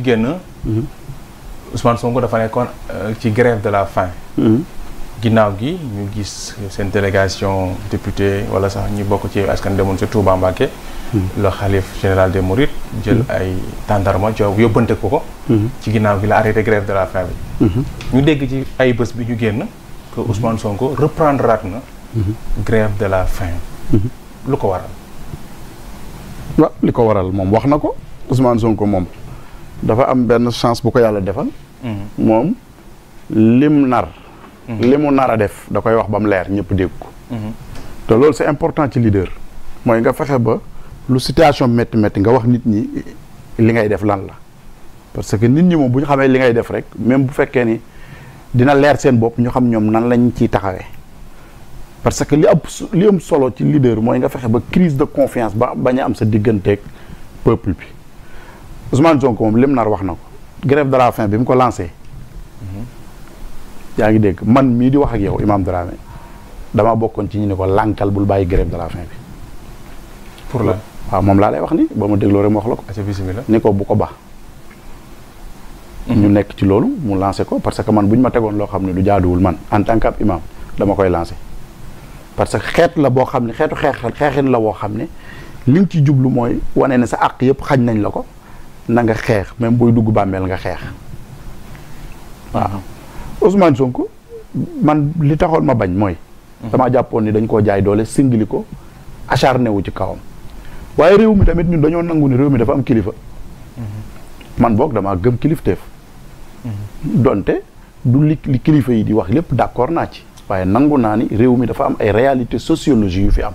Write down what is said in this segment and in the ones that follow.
génn mhm. Ousmane Sonko dafa nekkoon euh, ci grève de la faim mhm. ginnaaw gi ñu gis sen délégation député wala sax ñu bokk ci askan demone ci Touba Mbacké mhm. le Khalif général des Mourides jël ay tàndarma ci yóbbante ko ko ci ginnaaw gi la arrêté grève de la faim bi ñu dégg ci ay bëss bi ñu génn que Ousmane Sonko reprendre na grève de la faim lu ko waral wa liko waral mom wax nako Ousmane Sonko mom dafa am ben chance bu ko yalla defal. mom mhm. lim nar. Mhm. limu nara def da koy wax bam mu leer ñëpp dégg ko. Mhm. te lool c'est important ci leader. moy nga fexe ba lu situation metti metti nga wax nit ñi li ngay def lan la parce que nit ñi moom bu xamé li ngay def rek même bu fekké ni dina leer seen bop ñu xam ñom nan lañ ci taxawé parce que li am li am solo ci leader moy nga fexe ba crise de confiance ba baña am sa digganteeg peuple bi. Ousmane Sonko moom lim nar wax na ko grève de la bi mu ko lancé yaa ngi dégg man mii di wax ak yow Imam Dramé damaa bokkoon ci ñu ne ko lànkal bul bàyyi grève de la bi. pour la waaw moom laa lay wax ni boo ma dégloo rek ma wax la ko. bismillah ni ko bu ko baax. Mhm. ñu nekk ci loolu mu lancé ko parce que man bu ñu ma tegoon loo xam ne lu jaaduwul man en tant que ab imam dama koy lancé. parce que xeet la boo xam ne xeetu xeex xeexin la boo xam ne li nga ci jublu mooy wane ne sa àq yëpp xañ nañ la ko. na nga xeex même booy dugg bàmmeel nga xeex waaw Ousmane Sonko man li taxoon ma bañ mooy. Hmm. damaa jàppoon ni dañ koo jaay doole singili ko acharné wu ci kawam waaye réew mi tamit ñun dañoo nangu ni réew mi dafa am kilifa. Hmm. man boog damaa gëm kilifteef. Hmm. donte du li kilifa yi di wax lépp d'accord naa ci. waaye nangu naa ni réew mi dafa am ay réalités sociologie yu fi am.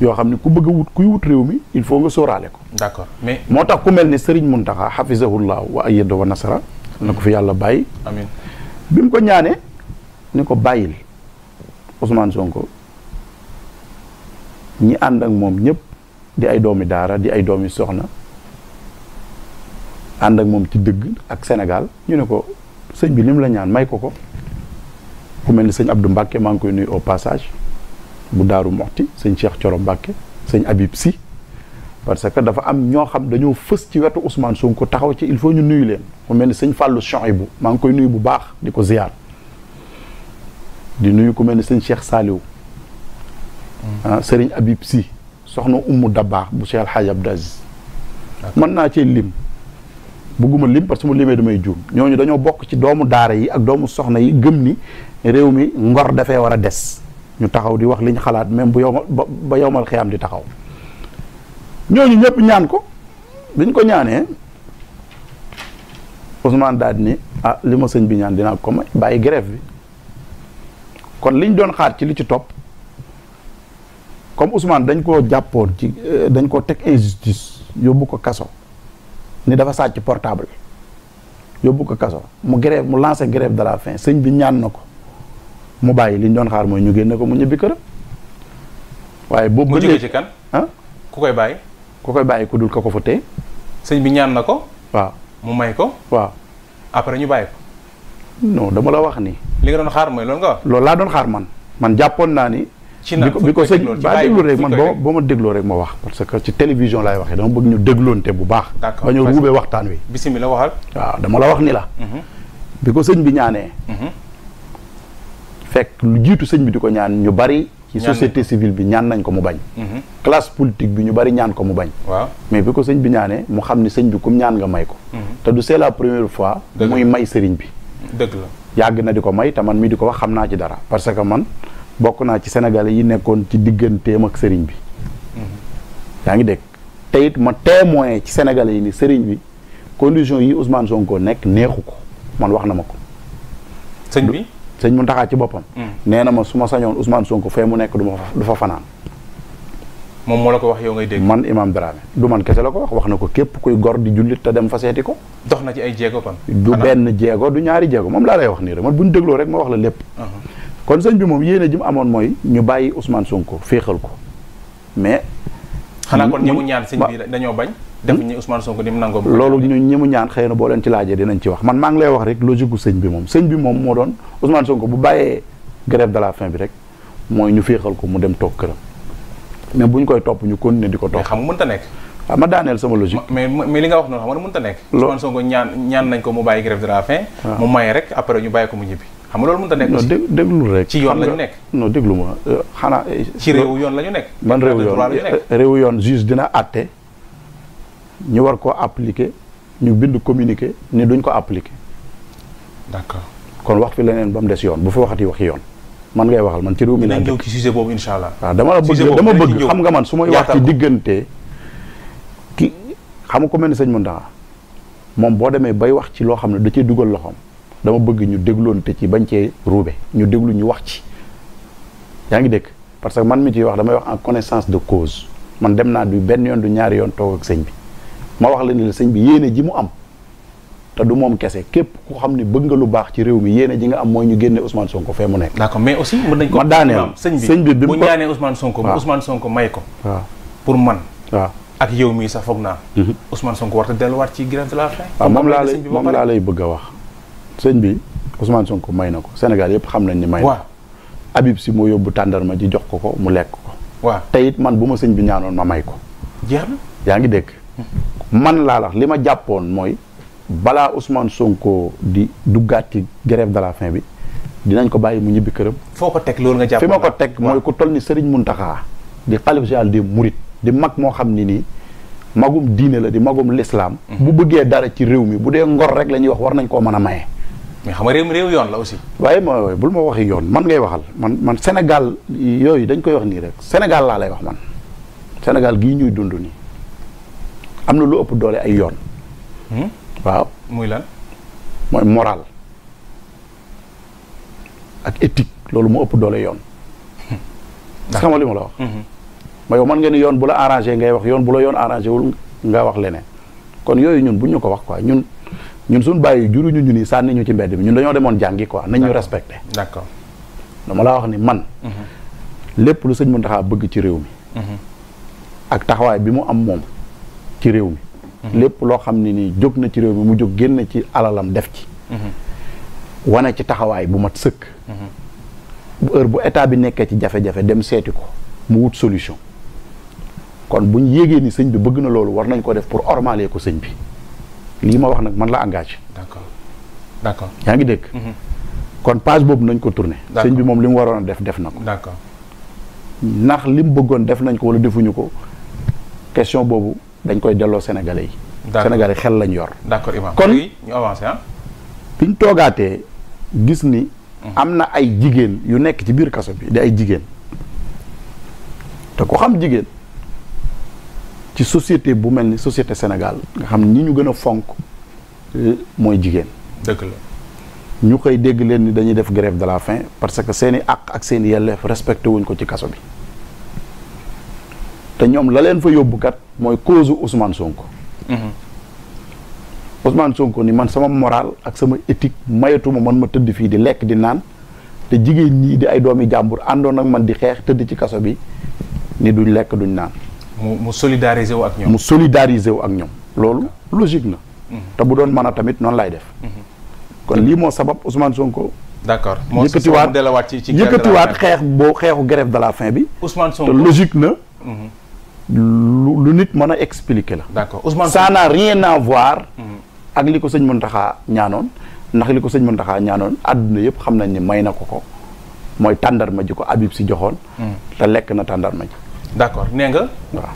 yoo xam ne ku bëgg a wut kuy wut réew mi il faut nga sóoraale ko. d'accord mais moo tax ku mel ni sëriñ ne Serigne Mountakha hafizahullah wa ayyada wa nasara. na ko fi yàlla bàyyi. amiin bi mu ko ñaanee ni ko bàyyil Ousmane Sonko ñi ànd ak moom ñëpp di ay doomi daara di ay doomi soxna ànd ak moom ci dëgg ak Sénégal ñu ne ko sëñ bi lim la ñaan may ko ko ku mel ni sëñ Abdou Mbacke maa ngi koy nuyu au passage. bu daaru moxti sëñ Cheikh Coro Mbàkke sëñ Habib Si parce que dafa am ñoo xam dañoo fës ci wetu Ousmane Sonko taxaw ci il faut ñu nuyu leen mu mel ni sëñ Fàllu Chouaïbou maa ngi koy nuyu bu baax di ko ziyaar di nuyu ku mel ni sëñ Cheikh Saliou ah sëriñ Habib Si soxna Umu Dabaax bu Cheikh Alhaji Abdou Aziz mën naa cee lim bëgguma lim parce que mu limee damay juum ñooñu dañoo bokk ci doomu daara yi ak doomu soxna yi gëm ni réew mi ngor dafee war a des ñu taxaw di wax liñ xalaat même bu yow ba yowmal xiyaam di taxaw ñooñu ñëpp ñaan ko liñ ko ñaanee Ousmane daal ni ah li ma sëñ bi ñaan dinaa ko may bàyyi grève bi kon liñ doon xaar ci li ci topp comme Ousmane dañ koo jàppoon ci euh, dañ ko teg injustice yóbbu ko kaso ni dafa sàcc portable yóbbu ko kaso mu grève mu lancé grève de fin sëñ bi ñaan na ko mu bàyyi li ñu doon xaar mooy ñu génne ko mu ñibbi këram waaye boobu mu jóge ci kan ah ku koy bàyyi ku koy bàyyi dul ko ko fa tee sëñ bi ñaan na ko waaw mu may ko waaw après ñu bàyyi ko non dama la wax ni li nga doon xaar mooy loolu loolu laa doon xaar man man jàppoon naa ni ci bi ko sëñ ba déglu rek man boo ma dégloo rek ma wax parce que ci télévision laay waxee dama bëgg ñu dégloonte bu baax ba ñu ruubee waxtaan wi bisimilah waxal waaw dama la wax ni la mhm. bi ko sëñ bi ñaanee mhm. fekk lu jiitu sëñ bi di ko ñaan ñu bari ci société civile bi ñaan nañ ko mu bañ mhm. classe politique bi ñu bari ñaan ko mu bañ waaw mais bi ko sëñ bi ñaanee mu xam ne sëñ bi kum ñaan nga may ko mhm. te du c'est la première fois muy may sëriñ bi dëgg la yàgg na di ko may te man mi di ko wax xam naa ci dara parce que man bokk naa ci sénégalais yi nekkoon ci digganteem ak sëriñ bi mhm. yaa ngi dégg te it ma témoin ci sénégalais yi ni sëriñ bi condition yi Ousmane Sonko nekk neexu ko man wax na ko sëñ mu Mountakha ci boppam. Mm. nee na ma su ma sañoon Ousmane Sonko fee mu nekk du ma fa du fa fanaan. moom moo la ko wax yow ngay dégg. man Imam Dramé du man kese la ko wax wax na ko képp kuy gor di jullit te dem fa seeti ko. dox na ci ay jéego kon. du benn jéego du ñaari jéego moom laa lay wax nii rek man bu ñu dégloo rek ma wax la lépp. Uh-huh. kon sëñ bi moom yéene ji mu amoon mooy ñu bàyyi Ousmane Sonko féexal ko mais. xanaa kon ñi mu ñaan sëñ bi dañoo bañ. dem ñi Ousmane Sonko ni mu nangoo loolu ñu ñi mu ñaan xëy boo leen ci laajee dinañ ci wax man maa ngi lay wax rek logique gu sëñ bi moom sëñ bi moom moo doon Ousmane Sonko bu bàyyee grève de la faim bi rek mooy ñu féexal ko mu dem toog këram mais bu ñu koy topp ñu continuer di ko topp xam nga mënta nekk waaw ah, ma daaneel sama logique mais mais li nga wax noonu xam nga mënta nekk Ousmane Sonko ñaan ñaan nañ ko mu bàyyi grève de la faim ah. mu may rek après ñu bàyyi ko mu ñibbi xam nga loolu mënta nekk non déglu rek ci yoon la nekk non déglu ma euh, xanaa euh, ci réewu yoon la ñu nekk man réewu yoon euh, réewu yoon juge dina àtte ñu war ko appliquer ñu bind communiquer ni duñ ko appliquer. d'accord kon wax fi leneen bam dess yoon bu fi waxati waxi yoon man ngay waxal man ci rew mi nañ ñëw ci sujet bobu inshallah allah. dama la bëgg dama bëgg xam nga man suma wax ci digënté ki xam ko melni señ mounda mom bo démé bay wax ci lo xam da ci duggal loxom dama bëgg ñu dégloonte ci bañ ci roubé ñu déglu ñu wax ci ya ngi dégg parce que man mi ci wax dama wax en connaissance de cause man dem naa du ben yoon du ñaar yoon tok ak señ bi ma wax la ne la sëñ bi yéene ji mu am te du moom kese képp ku xam ne bëgg nga lu baax ci réew mi yéene ji nga am mooy ñu génne Ousmane Sonko fee mu nekk. d'accord mais aussi mën nañ ko. ma daaneel sëñ bi bu ñu ñaanee Ousmane Sonko. waaw Sonko may ko. pour man. waaw ak yow mii sax foog naa. Mhm. Ousmane Sonko war delluwaat ci grève de la faim. Ah, moom laa bëgg a wax. sëñ bi Ousmane Sonko may na ko Sénégal yëpp xam nañ ni may na Habib si moo yóbbu tàndarma ji jox ko ko mu lekk ko. waaw te it man bu ma sëñ bi ñaanoon ma may ko. jeex yaa ngi dégg mhm. man laa la li ma jàppoon mooy balaa Ousmane Sonko di duggaat ci grève balaa fin bi dinañ ko bàyyi mu ñibbi këram. foo ko teg loolu nga jàpp fi ma ko teg mooy ku toll ni Serigne Mountakha di xalif général di murit di mag moo xam ni nii magum diine la di magum lislaam mhm. bu bëggee dara ci réew mi bu dee ngor rek la ñuy wax war nañ koo mën a maye. mais xam nga réew mi réew yoon la aussi. waaye moo ma bul ma waxi yoon man ngay waxal man man Sénégal yooyu dañ koy wax nii rek Sénégal wax man Sénégal gii ñuy dund nii. am na lu ëpp doole ay yoon. Hmm? waaw muy lan. mooy moral ak éthique loolu mu ëpp doole yoon. ndax xam li ma la wax. Hmm, hmm. ma yow man ngeen yoon bu la arrangé ngay wax yoon bu la yoon arrangé wul nga wax leneen kon yooyu ñun bu ñu ko wax quoi ñun ñun suñu bàyyi juruñu ñu nii sànni ñu ci mbedd bi ñun dañoo demoon jàngi quoi nañ ñu respecté. d'accord dama laa wax ni man. lépp lu sëñ Mountakha bëgg ci réew mi. ak taxawaay bi mu am moom. ci réew mi mhm. lépp loo xam ne nii jóg na ci réew mi mu jóg génn ci alalam def ci mhm. wane ci taxawaay bu mat sëkk mhm. bu heure bu état bi nekkee ci jafe-jafe dem seeti ko mu wut solution kon buñ yégee ni sëñ bi bëgg na loolu war nañ ko def pour ormalee ko sëñ bi lii ma wax nag man la engagé d'accord d'accord yaa ngi dégg kon page boobu nañ ko tourné sëñ bi moom li mu waroon a def def na ko d'accord ndax li mu bëggoon def nañ ko wala defuñu ko question boobu dañ koy delo sénégalais yi sénégalais xel lañ yor d'accord imam kon ñu avancer hein ah. biñ togaté gis ni mhm. amna ay jigen yu nekk ci biir kasso bi di ay jigéen te ko xam jigen ci société bu melni ni société sénégal nga xam ñi ñu gëna fonk euh, moy jigen deug la ñu koy dégg leen ni dañuy def grève de la faim parce que seeni ak ak seeni yelleef respecté wuñ ko ci kasso bi te ñoom la leen fa yóbbu kat mooy cause Ousmane Sonko. Mhm. Ousmane Sonko ni man sama moral ak sama éthique mayetuma man ma tëdd fii di lekk di naan te jigéen ñi di ay doomi jàmbur àndoon ak man di xeex tëdd ci kaso bi ni duñ lekk duñ naan. mu mu solidariser wu ak ñoom. mu solidariser wu ak ñoom loolu logique na. Mhm. te bu doon man a tamit noonu lay def. Mhm. kon lii moo sabab Ousmane Sonko. d'accord moo yëkkatiwaat yëkkatiwaat xeex boo xeexu grève de la fin bi. Ousmane Sonko te logique na. lu nit mën a expliquer la. d'accord Ousmane ça n'a rien à voir. Mm-hmm. ak li ko sëñ Mountakha ñaanoon ndax li ko sëñ mun Mountakha ñaanoon àdduna yëpp xam nañ ne may na ko ko mooy tàndarma ji ko Habib si joxoon. Mm. te lekk na tàndarma ji. d'accord nee nga.